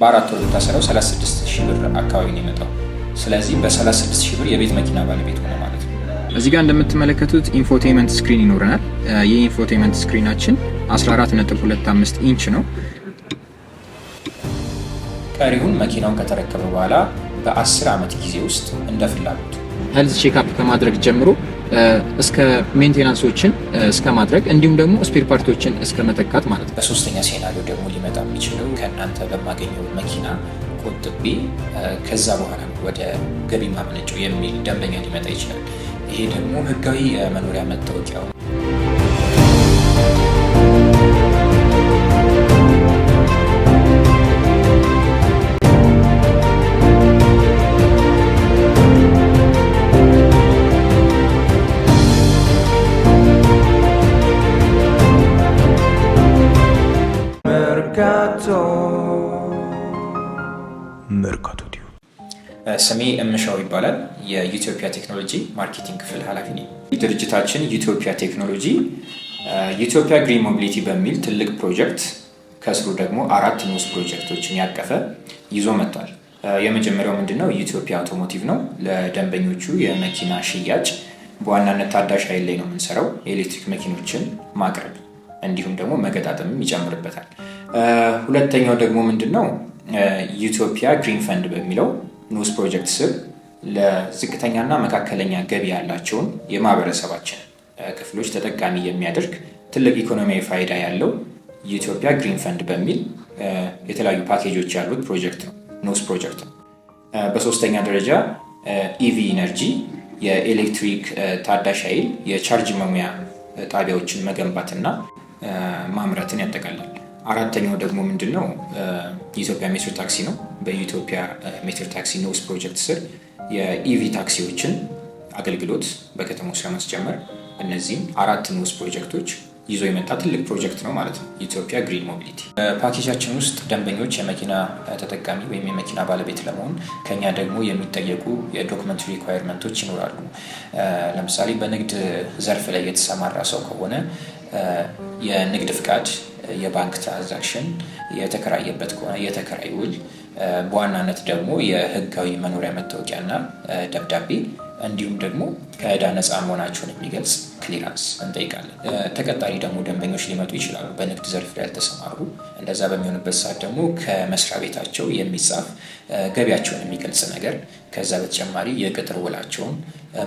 በአራት ወር ታሰረው 36 ብር አካባቢ ነው የመጣው። ስለዚህ በ36 ብር የቤት መኪና ባለቤት ሆነ ማለት ነው። እዚህ ጋር እንደምትመለከቱት ኢንፎቴመንት ስክሪን ይኖረናል። ይህ ኢንፎቴመንት ስክሪናችን 14.25 ኢንች ነው። ቀሪውን መኪናውን ከተረከበ በኋላ በ10 ዓመት ጊዜ ውስጥ እንደ ፍላጎቱ ሄልዝ ቼክአፕ ከማድረግ ጀምሮ እስከ ሜንቴናንሶችን እስከ ማድረግ እንዲሁም ደግሞ ስፔር ፓርቶችን እስከ መተካት ማለት ነው። በሶስተኛ ሴናሪዮ ደግሞ ሊመጣ የሚችለው ከእናንተ በማገኘው መኪና ቆጥቤ ከዛ በኋላ ወደ ገቢ ማመነጫው የሚል ደንበኛ ሊመጣ ይችላል። ይሄ ደግሞ ህጋዊ መኖሪያ መታወቂያው ስሜ እምሻው ይባላል። የኢትዮጵያ ቴክኖሎጂ ማርኬቲንግ ክፍል ኃላፊ ነኝ። ድርጅታችን ኢትዮጵያ ቴክኖሎጂ የኢትዮጵያ ግሪን ሞቢሊቲ በሚል ትልቅ ፕሮጀክት ከስሩ ደግሞ አራት ንዑስ ፕሮጀክቶችን ያቀፈ ይዞ መጥቷል። የመጀመሪያው ምንድነው? ኢትዮጵያ አውቶሞቲቭ ነው። ለደንበኞቹ የመኪና ሽያጭ በዋናነት ታዳሽ ኃይል ላይ ነው የምንሰራው። የኤሌክትሪክ መኪኖችን ማቅረብ እንዲሁም ደግሞ መገጣጠምም ይጨምርበታል። ሁለተኛው ደግሞ ምንድን ነው? ኢትዮጵያ ግሪን ፈንድ በሚለው ንዑስ ፕሮጀክት ስብ ለዝቅተኛና መካከለኛ ገቢ ያላቸውን የማህበረሰባችን ክፍሎች ተጠቃሚ የሚያደርግ ትልቅ ኢኮኖሚያዊ ፋይዳ ያለው የኢትዮጵያ ግሪን ፈንድ በሚል የተለያዩ ፓኬጆች ያሉት ፕሮጀክት ነው፣ ንዑስ ፕሮጀክት ነው። በሶስተኛ ደረጃ ኢቪ ኢነርጂ የኤሌክትሪክ ታዳሽ ኃይል የቻርጅ መሙያ ጣቢያዎችን መገንባትና ማምረትን ያጠቃልላል። አራተኛው ደግሞ ምንድን ነው? የኢትዮጵያ ሜትሮ ታክሲ ነው። በኢትዮጵያ ሜትሮ ታክሲ ኖስ ፕሮጀክት ስር የኢቪ ታክሲዎችን አገልግሎት በከተማ ውስጥ ለማስጀመር እነዚህም አራት ኖስ ፕሮጀክቶች ይዞ የመጣ ትልቅ ፕሮጀክት ነው ማለት ነው። ኢትዮጵያ ግሪን ሞቢሊቲ በፓኬጃችን ውስጥ ደንበኞች የመኪና ተጠቃሚ ወይም የመኪና ባለቤት ለመሆን ከኛ ደግሞ የሚጠየቁ የዶክመንት ሪኳየርመንቶች ይኖራሉ። ለምሳሌ በንግድ ዘርፍ ላይ የተሰማራ ሰው ከሆነ የንግድ ፍቃድ፣ የባንክ ትራንዛክሽን፣ የተከራየበት ከሆነ የተከራይ ውል፣ በዋናነት ደግሞ የህጋዊ መኖሪያ መታወቂያና ደብዳቤ እንዲሁም ደግሞ ከዕዳ ነፃ መሆናቸውን የሚገልጽ ክሊራንስ እንጠይቃለን። ተቀጣሪ ደግሞ ደንበኞች ሊመጡ ይችላሉ፣ በንግድ ዘርፍ ላይ ያልተሰማሩ። እንደዛ በሚሆንበት ሰዓት ደግሞ ከመስሪያ ቤታቸው የሚጻፍ ገቢያቸውን የሚገልጽ ነገር፣ ከዛ በተጨማሪ የቅጥር ውላቸውን፣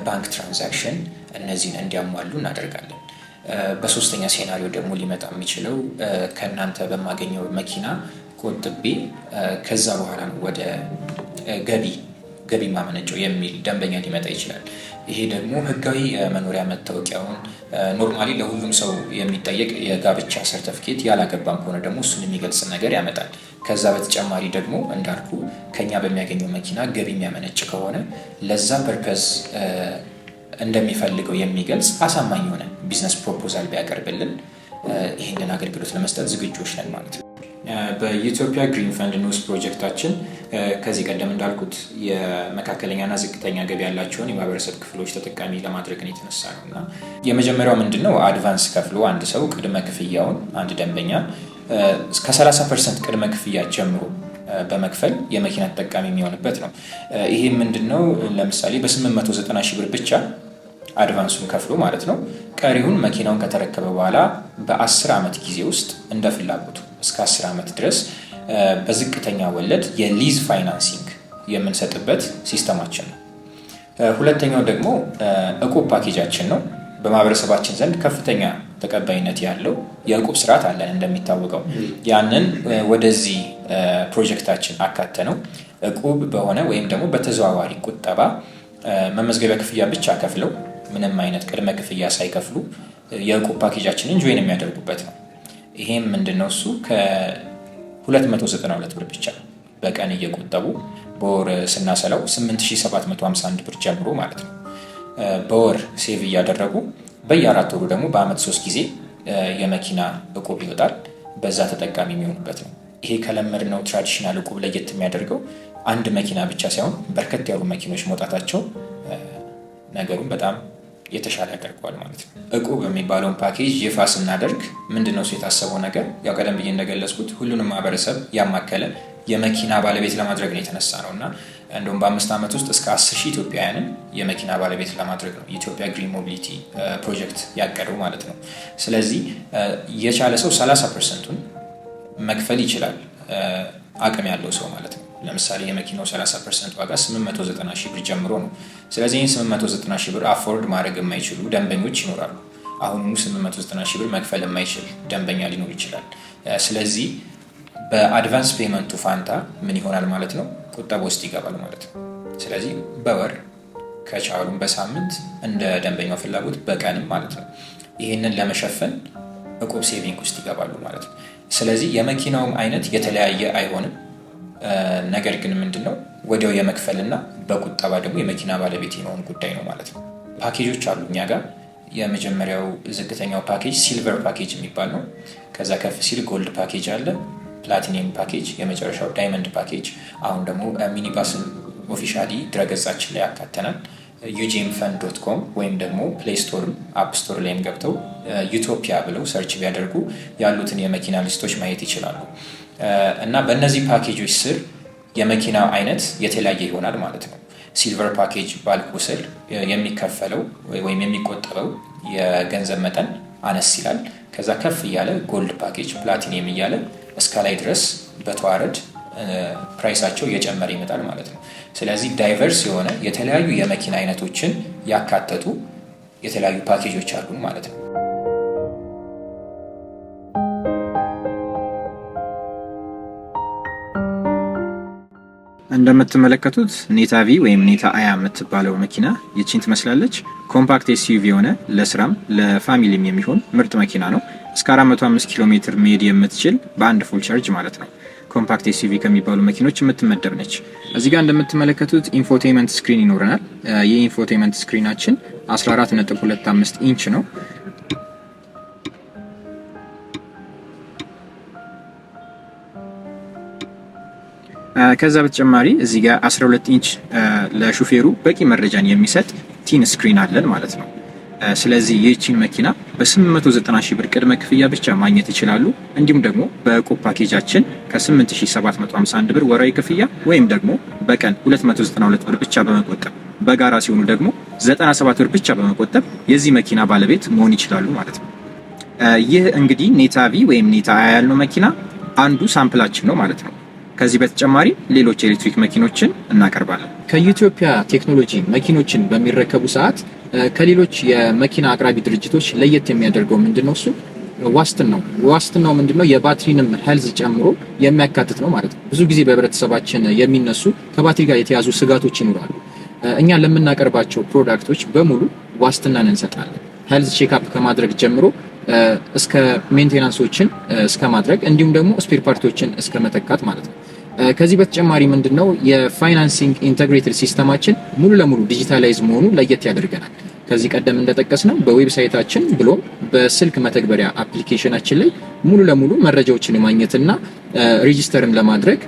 ባንክ ትራንዛክሽን፣ እነዚህን እንዲያሟሉ እናደርጋለን። በሶስተኛ ሴናሪዮ ደግሞ ሊመጣ የሚችለው ከእናንተ በማገኘው መኪና ቆጥቤ ከዛ በኋላ ነው ወደ ገቢ ገቢ ማመነጨው የሚል ደንበኛ ሊመጣ ይችላል። ይሄ ደግሞ ህጋዊ መኖሪያ መታወቂያውን ኖርማሊ ለሁሉም ሰው የሚጠየቅ የጋብቻ ሰርተፍኬት ያላገባም ከሆነ ደግሞ እሱን የሚገልጽ ነገር ያመጣል። ከዛ በተጨማሪ ደግሞ እንዳልኩ ከኛ በሚያገኘው መኪና ገቢ የሚያመነጭ ከሆነ ለዛ ፐርፐዝ እንደሚፈልገው የሚገልጽ አሳማኝ የሆነ ቢዝነስ ፕሮፖዛል ቢያቀርብልን ይህንን አገልግሎት ለመስጠት ዝግጆች ነን ማለት ነው። በኢትዮጵያ ግሪን ፈንድ ኒውስ ፕሮጀክታችን ከዚህ ቀደም እንዳልኩት የመካከለኛና ዝቅተኛ ገቢ ያላቸውን የማህበረሰብ ክፍሎች ተጠቃሚ ለማድረግ ነው የተነሳ ነው እና የመጀመሪያው ምንድን ነው አድቫንስ ከፍሎ አንድ ሰው ቅድመ ክፍያውን አንድ ደንበኛ እስከ 30 ፐርሰንት ቅድመ ክፍያ ጀምሮ በመክፈል የመኪና ተጠቃሚ የሚሆንበት ነው። ይህም ምንድን ነው ለምሳሌ በ890 ሺህ ብር ብቻ አድቫንሱን ከፍሎ ማለት ነው። ቀሪውን መኪናውን ከተረከበ በኋላ በ10 ዓመት ጊዜ ውስጥ እንደ ፍላጎቱ እስከ 10 ዓመት ድረስ በዝቅተኛ ወለድ የሊዝ ፋይናንሲንግ የምንሰጥበት ሲስተማችን ነው። ሁለተኛው ደግሞ እቁብ ፓኬጃችን ነው። በማህበረሰባችን ዘንድ ከፍተኛ ተቀባይነት ያለው የእቁብ ስርዓት አለን። እንደሚታወቀው ያንን ወደዚህ ፕሮጀክታችን አካተ ነው። እቁብ በሆነ ወይም ደግሞ በተዘዋዋሪ ቁጠባ መመዝገቢያ ክፍያ ብቻ ከፍለው ምንም አይነት ቅድመ ክፍያ ሳይከፍሉ የእቁብ ፓኬጃችንን ጆይን የሚያደርጉበት ነው። ይሄም ምንድነው እሱ ከ292 ብር ብቻ በቀን እየቆጠቡ በወር ስናሰላው 8751 ብር ጀምሮ ማለት ነው በወር ሴቭ እያደረጉ በየአራት ወሩ ደግሞ በአመት ሶስት ጊዜ የመኪና እቁብ ይወጣል። በዛ ተጠቃሚ የሚሆኑበት ነው። ይሄ ከለመድነው ትራዲሽናል እቁብ ለየት የሚያደርገው አንድ መኪና ብቻ ሳይሆን በርከት ያሉ መኪኖች መውጣታቸው ነገሩን በጣም የተሻለ ያደርገዋል ማለት ነው። እቁ በሚባለውን ፓኬጅ ይፋ ስናደርግ ምንድን ነው የታሰበው ነገር ያው ቀደም ብዬ እንደገለጽኩት ሁሉንም ማህበረሰብ ያማከለ የመኪና ባለቤት ለማድረግ ነው የተነሳ ነው እና እንደውም በአምስት ዓመት ውስጥ እስከ አስር ሺህ ኢትዮጵያውያንን የመኪና ባለቤት ለማድረግ ነው የኢትዮጵያ ግሪን ሞቢሊቲ ፕሮጀክት ያቀዱ ማለት ነው። ስለዚህ የቻለ ሰው 30 ፐርሰንቱን መክፈል ይችላል አቅም ያለው ሰው ማለት ነው። ለምሳሌ የመኪናው 30 ፐርሰንት ዋጋ 890 ሺህ ብር ጀምሮ ነው። ስለዚህ ይህን 890 ሺህ ብር አፎርድ ማድረግ የማይችሉ ደንበኞች ይኖራሉ። አሁኑ 890 ሺህ ብር መክፈል የማይችል ደንበኛ ሊኖር ይችላል። ስለዚህ በአድቫንስ ፔመንቱ ፋንታ ምን ይሆናል ማለት ነው? ቁጠባ ውስጥ ይገባል ማለት ነው። ስለዚህ በወር ከቻሉም በሳምንት እንደ ደንበኛው ፍላጎት በቀንም ማለት ነው። ይህንን ለመሸፈን እቁብ ሴቪንግ ውስጥ ይገባሉ ማለት ነው። ስለዚህ የመኪናውም አይነት የተለያየ አይሆንም። ነገር ግን ምንድን ነው ወዲያው እና በቁጠባ ደግሞ የመኪና ባለቤት የመሆን ጉዳይ ነው ማለት ነው። ፓኬጆች አሉ እኛ ጋር። የመጀመሪያው ዝቅተኛው ፓኬጅ ሲልቨር ፓኬጅ የሚባል ነው። ከዛ ከፍ ሲል ጎልድ ፓኬጅ አለ፣ ፕላቲኒየም ፓኬጅ፣ የመጨረሻው ዳይመንድ ፓኬጅ። አሁን ደግሞ ሚኒባስን ኦፊሻሊ ድረገጻችን ላይ ያካተናል። ዩጂም ፈን ዶት ኮም ወይም ደግሞ ፕሌይ ስቶርም አፕ ስቶር ላይም ገብተው ዩቶፒያ ብለው ሰርች ቢያደርጉ ያሉትን የመኪና ሊስቶች ማየት ይችላሉ። እና በእነዚህ ፓኬጆች ስር የመኪና አይነት የተለያየ ይሆናል ማለት ነው። ሲልቨር ፓኬጅ ባልኩ ስር የሚከፈለው ወይም የሚቆጠበው የገንዘብ መጠን አነስ ይላል። ከዛ ከፍ እያለ ጎልድ ፓኬጅ፣ ፕላቲኒየም እያለ እስከ ላይ ድረስ በተዋረድ ፕራይሳቸው እየጨመረ ይመጣል ማለት ነው። ስለዚህ ዳይቨርስ የሆነ የተለያዩ የመኪና አይነቶችን ያካተቱ የተለያዩ ፓኬጆች አሉን ማለት ነው። እንደምትመለከቱት ኔታ ቪ ወይም ኔታ አያ የምትባለው መኪና ይቺን ትመስላለች። ኮምፓክት ኤስዩቪ የሆነ ለስራም ለፋሚሊም የሚሆን ምርጥ መኪና ነው። እስከ 405 ኪሎ ሜትር መሄድ የምትችል በአንድ ፉል ቻርጅ ማለት ነው። ኮምፓክት ኤስዩቪ ከሚባሉ መኪኖች የምትመደብ ነች። እዚህ ጋር እንደምትመለከቱት ኢንፎቴመንት ስክሪን ይኖረናል። የኢንፎቴመንት ስክሪናችን 14.25 ኢንች ነው። ከዛ በተጨማሪ እዚህ ጋር 12 ኢንች ለሹፌሩ በቂ መረጃን የሚሰጥ ቲን ስክሪን አለን ማለት ነው። ስለዚህ ይህቺን መኪና በ890 ሺህ ብር ቅድመ ክፍያ ብቻ ማግኘት ይችላሉ። እንዲሁም ደግሞ በእቁብ ፓኬጃችን ከ8751 ብር ወራዊ ክፍያ ወይም ደግሞ በቀን 292 ብር ብቻ በመቆጠብ በጋራ ሲሆኑ ደግሞ 97 ብር ብቻ በመቆጠብ የዚህ መኪና ባለቤት መሆን ይችላሉ ማለት ነው። ይህ እንግዲህ ኔታቪ ወይም ኔታ ያልነው መኪና አንዱ ሳምፕላችን ነው ማለት ነው። ከዚህ በተጨማሪ ሌሎች ኤሌክትሪክ መኪኖችን እናቀርባለን። ከኢትዮጵያ ቴክኖሎጂ መኪኖችን በሚረከቡ ሰዓት ከሌሎች የመኪና አቅራቢ ድርጅቶች ለየት የሚያደርገው ምንድን ነው? እሱ ዋስትናው ዋስትናው ምንድን ነው? የባትሪንም ሄልዝ ጨምሮ የሚያካትት ነው ማለት ነው። ብዙ ጊዜ በህብረተሰባችን የሚነሱ ከባትሪ ጋር የተያዙ ስጋቶች ይኖራሉ። እኛ ለምናቀርባቸው ፕሮዳክቶች በሙሉ ዋስትናን እንሰጣለን። ሄልዝ ቼክአፕ ከማድረግ ጀምሮ እስከ ሜንቴናንሶችን እስከ ማድረግ እንዲሁም ደግሞ ስፔር ፓርቲዎችን እስከ መተካት ማለት ነው። ከዚህ በተጨማሪ ምንድን ነው የፋይናንሲንግ ኢንተግሬትድ ሲስተማችን ሙሉ ለሙሉ ዲጂታላይዝ መሆኑ ለየት ያደርገናል። ከዚህ ቀደም እንደጠቀስ ነው በዌብሳይታችን ብሎም በስልክ መተግበሪያ አፕሊኬሽናችን ላይ ሙሉ ለሙሉ መረጃዎችን የማግኘትና ሬጂስተርም ለማድረግ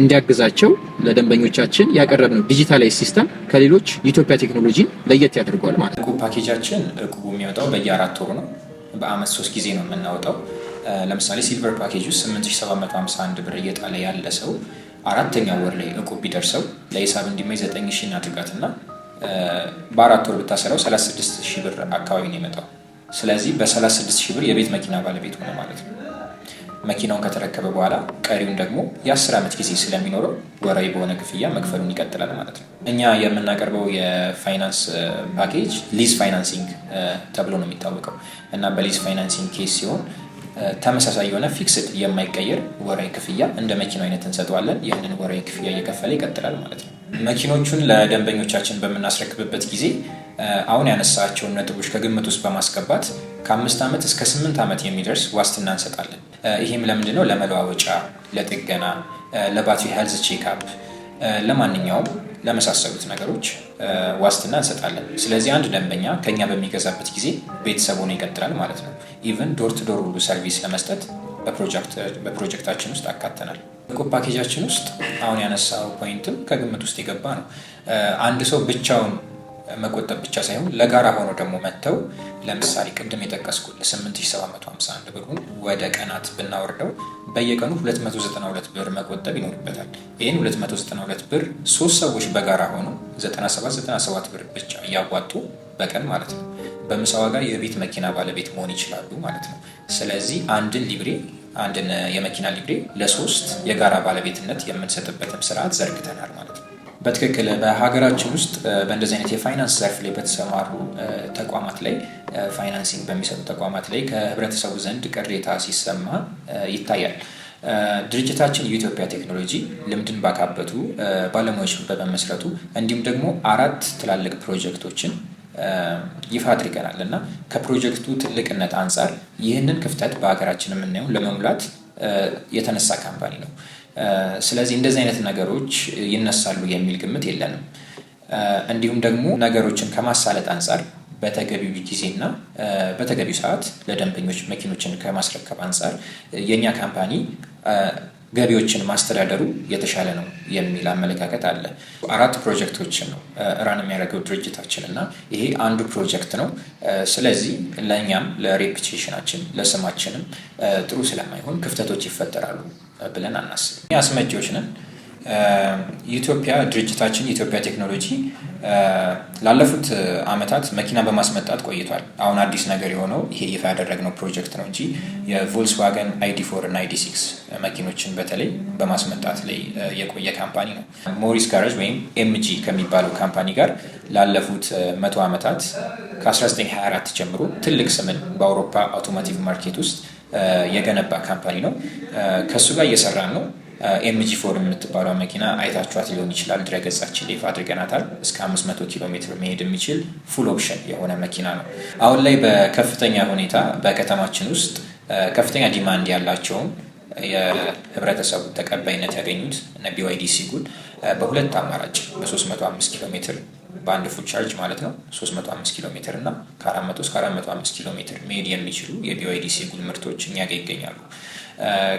እንዲያግዛቸው ለደንበኞቻችን ያቀረብነው ዲጂታላይዝ ሲስተም ከሌሎች የኢትዮጵያ ቴክኖሎጂን ለየት ያደርገዋል ማለት ነው። ፓኬጃችን እቁቡ የሚወጣው በየአራት ወሩ ነው። በአመት ሶስት ጊዜ ነው የምናወጣው። ለምሳሌ ሲልቨር ፓኬጅ ውስጥ 8751 ብር እየጣለ ያለ ሰው አራተኛ ወር ላይ እቁብ ቢደርሰው ለሂሳብ እንዲመኝ 9 ሺ እናድርጋት እና በአራት ወር ብታሰራው 36 ሺህ ብር አካባቢ ነው የመጣው። ስለዚህ በ36 ብር የቤት መኪና ባለቤት ሆነ ማለት ነው። መኪናውን ከተረከበ በኋላ ቀሪውን ደግሞ የአስር ዓመት ጊዜ ስለሚኖረው ወራዊ በሆነ ክፍያ መክፈሉን ይቀጥላል ማለት ነው። እኛ የምናቀርበው የፋይናንስ ፓኬጅ ሊዝ ፋይናንሲንግ ተብሎ ነው የሚታወቀው እና በሊዝ ፋይናንሲንግ ኬስ ሲሆን ተመሳሳይ የሆነ ፊክስድ የማይቀየር ወራዊ ክፍያ እንደ መኪና አይነት እንሰጠዋለን። ይህንን ወራዊ ክፍያ እየከፈለ ይቀጥላል ማለት ነው። መኪኖቹን ለደንበኞቻችን በምናስረክብበት ጊዜ አሁን ያነሳቸውን ነጥቦች ከግምት ውስጥ በማስገባት ከአምስት ዓመት እስከ ስምንት ዓመት የሚደርስ ዋስትና እንሰጣለን። ይህም ለምንድነው? ለመለዋወጫ፣ ለጥገና፣ ለባትሪ ሄልዝ ቼክአፕ፣ ለማንኛውም ለመሳሰሉት ነገሮች ዋስትና እንሰጣለን። ስለዚህ አንድ ደንበኛ ከኛ በሚገዛበት ጊዜ ቤተሰቡን ይቀጥላል ማለት ነው። ኢቨን ዶር ዶር ሁሉ ሰርቪስ ለመስጠት በፕሮጀክታችን ውስጥ አካተናል። እቁብ ፓኬጃችን ውስጥ አሁን ያነሳው ፖይንትም ከግምት ውስጥ የገባ ነው። አንድ ሰው ብቻውን መቆጠብ ብቻ ሳይሆን ለጋራ ሆኖ ደግሞ መጥተው ለምሳሌ ቅድም የጠቀስኩት 8751 ብሩን ወደ ቀናት ብናወርደው በየቀኑ 292 ብር መቆጠብ ይኖርበታል። ይህን 292 ብር ሶስት ሰዎች በጋራ ሆኖ 9797 ብር ብቻ እያዋጡ በቀን ማለት ነው በምሳ ዋጋ የቤት መኪና ባለቤት መሆን ይችላሉ ማለት ነው። ስለዚህ አንድን ሊብሬ አንድን የመኪና ሊብሬ ለሶስት የጋራ ባለቤትነት የምንሰጥበትም ስርዓት ዘርግተናል ማለት ነው። በትክክል በሀገራችን ውስጥ በእንደዚህ አይነት የፋይናንስ ዘርፍ ላይ በተሰማሩ ተቋማት ላይ ፋይናንሲንግ በሚሰጡ ተቋማት ላይ ከህብረተሰቡ ዘንድ ቅሬታ ሲሰማ ይታያል። ድርጅታችን የኢትዮጵያ ቴክኖሎጂ ልምድን ባካበቱ ባለሙያዎች በመመስረቱ እንዲሁም ደግሞ አራት ትላልቅ ፕሮጀክቶችን ይፋ አድርገናል እና ከፕሮጀክቱ ትልቅነት አንጻር ይህንን ክፍተት በሀገራችን የምናየው ለመሙላት የተነሳ ካምፓኒ ነው። ስለዚህ እንደዚህ አይነት ነገሮች ይነሳሉ የሚል ግምት የለንም። እንዲሁም ደግሞ ነገሮችን ከማሳለጥ አንጻር በተገቢው ጊዜና በተገቢው ሰዓት ለደንበኞች መኪኖችን ከማስረከብ አንጻር የእኛ ካምፓኒ ገቢዎችን ማስተዳደሩ የተሻለ ነው የሚል አመለካከት አለ። አራት ፕሮጀክቶችን ነው እራን የሚያደርገው ድርጅታችን እና ይሄ አንዱ ፕሮጀክት ነው። ስለዚህ ለእኛም ለሬፒቴሽናችን ለስማችንም ጥሩ ስለማይሆን ክፍተቶች ይፈጠራሉ። ብለን አናስብም። አስመጪዎች ነን። የኢትዮጵያ ድርጅታችን የኢትዮጵያ ቴክኖሎጂ ላለፉት አመታት መኪና በማስመጣት ቆይቷል። አሁን አዲስ ነገር የሆነው ይሄ ይፋ ያደረግነው ፕሮጀክት ነው እንጂ የቮልስዋገን አይዲ ፎር እና አይዲ ሲክስ መኪኖችን በተለይ በማስመጣት ላይ የቆየ ካምፓኒ ነው። ሞሪስ ጋራጅ ወይም ኤምጂ ከሚባለው ካምፓኒ ጋር ላለፉት መቶ ዓመታት ከ1924 ጀምሮ ትልቅ ስምን በአውሮፓ አውቶሞቲቭ ማርኬት ውስጥ የገነባ ካምፓኒ ነው። ከእሱ ጋር እየሰራን ነው። ኤምጂ ፎር የምትባለው መኪና አይታችኋት ሊሆን ይችላል። ድረገጻችን ሌፍ አድርገናታል። እስከ 500 ኪሎ ሜትር መሄድ የሚችል ፉል ኦፕሽን የሆነ መኪና ነው። አሁን ላይ በከፍተኛ ሁኔታ በከተማችን ውስጥ ከፍተኛ ዲማንድ ያላቸውን የህብረተሰቡ ተቀባይነት ያገኙት ቢዋይዲ ሲጉል በሁለት አማራጭ በ305 ኪሎ ሜትር በአንድ ፉት ቻርጅ ማለት ነው 35 ኪሎ ሜትር እና ከ400 እስከ 405 ኪሎ ሜትር መሄድ የሚችሉ የቢዋይዲሲ የጉል ምርቶች እኛ ይገኛሉ።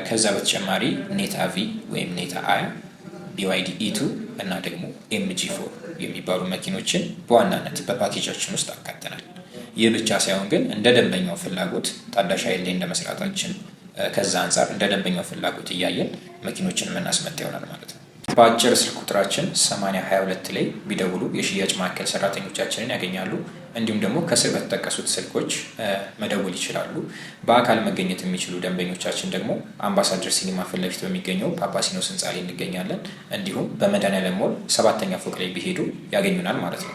ከዛ በተጨማሪ ኔታ ቪ ወይም ኔታ አይ ቢዋይዲ ኢቱ እና ደግሞ ኤምጂ ፎር የሚባሉ መኪኖችን በዋናነት በፓኬጃችን ውስጥ አካተናል። ይህ ብቻ ሳይሆን ግን እንደ ደንበኛው ፍላጎት ታዳሽ ኃይል ላይ እንደ መስራታችን ከዛ አንጻር እንደ ደንበኛው ፍላጎት እያየን መኪኖችን የምናስመጣ ይሆናል ማለት ነው። በአጭር ስልክ ቁጥራችን 8022 ላይ ቢደውሉ የሽያጭ ማዕከል ሰራተኞቻችንን ያገኛሉ። እንዲሁም ደግሞ ከስር በተጠቀሱት ስልኮች መደወል ይችላሉ። በአካል መገኘት የሚችሉ ደንበኞቻችን ደግሞ አምባሳደር ሲኒማ ፊት ለፊት በሚገኘው ፓፓሲኖስ ህንፃ ላይ እንገኛለን። እንዲሁም በመድኃኒዓለም ሞል ሰባተኛ ፎቅ ላይ ቢሄዱ ያገኙናል ማለት ነው።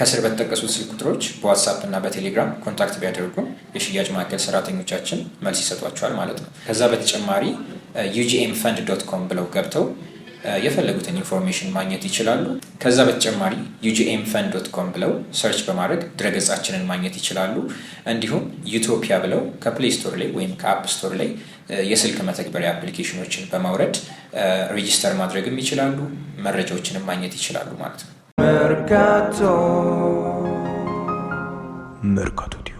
ከስር በተጠቀሱት ስልክ ቁጥሮች በዋትሳፕ እና በቴሌግራም ኮንታክት ቢያደርጉ የሽያጭ ማዕከል ሰራተኞቻችን መልስ ይሰጧቸዋል ማለት ነው። ከዛ በተጨማሪ ዩጂኤም ፈንድ ዶት ኮም ብለው ገብተው የፈለጉትን ኢንፎርሜሽን ማግኘት ይችላሉ። ከዛ በተጨማሪ ዩጂኤም ፈን ዶት ኮም ብለው ሰርች በማድረግ ድረገጻችንን ማግኘት ይችላሉ። እንዲሁም ዩቶፒያ ብለው ከፕሌይ ስቶር ላይ ወይም ከአፕ ስቶር ላይ የስልክ መተግበሪያ አፕሊኬሽኖችን በማውረድ ሬጂስተር ማድረግም ይችላሉ። መረጃዎችንም ማግኘት ይችላሉ ማለት ነው። መርካቶ መርካቶ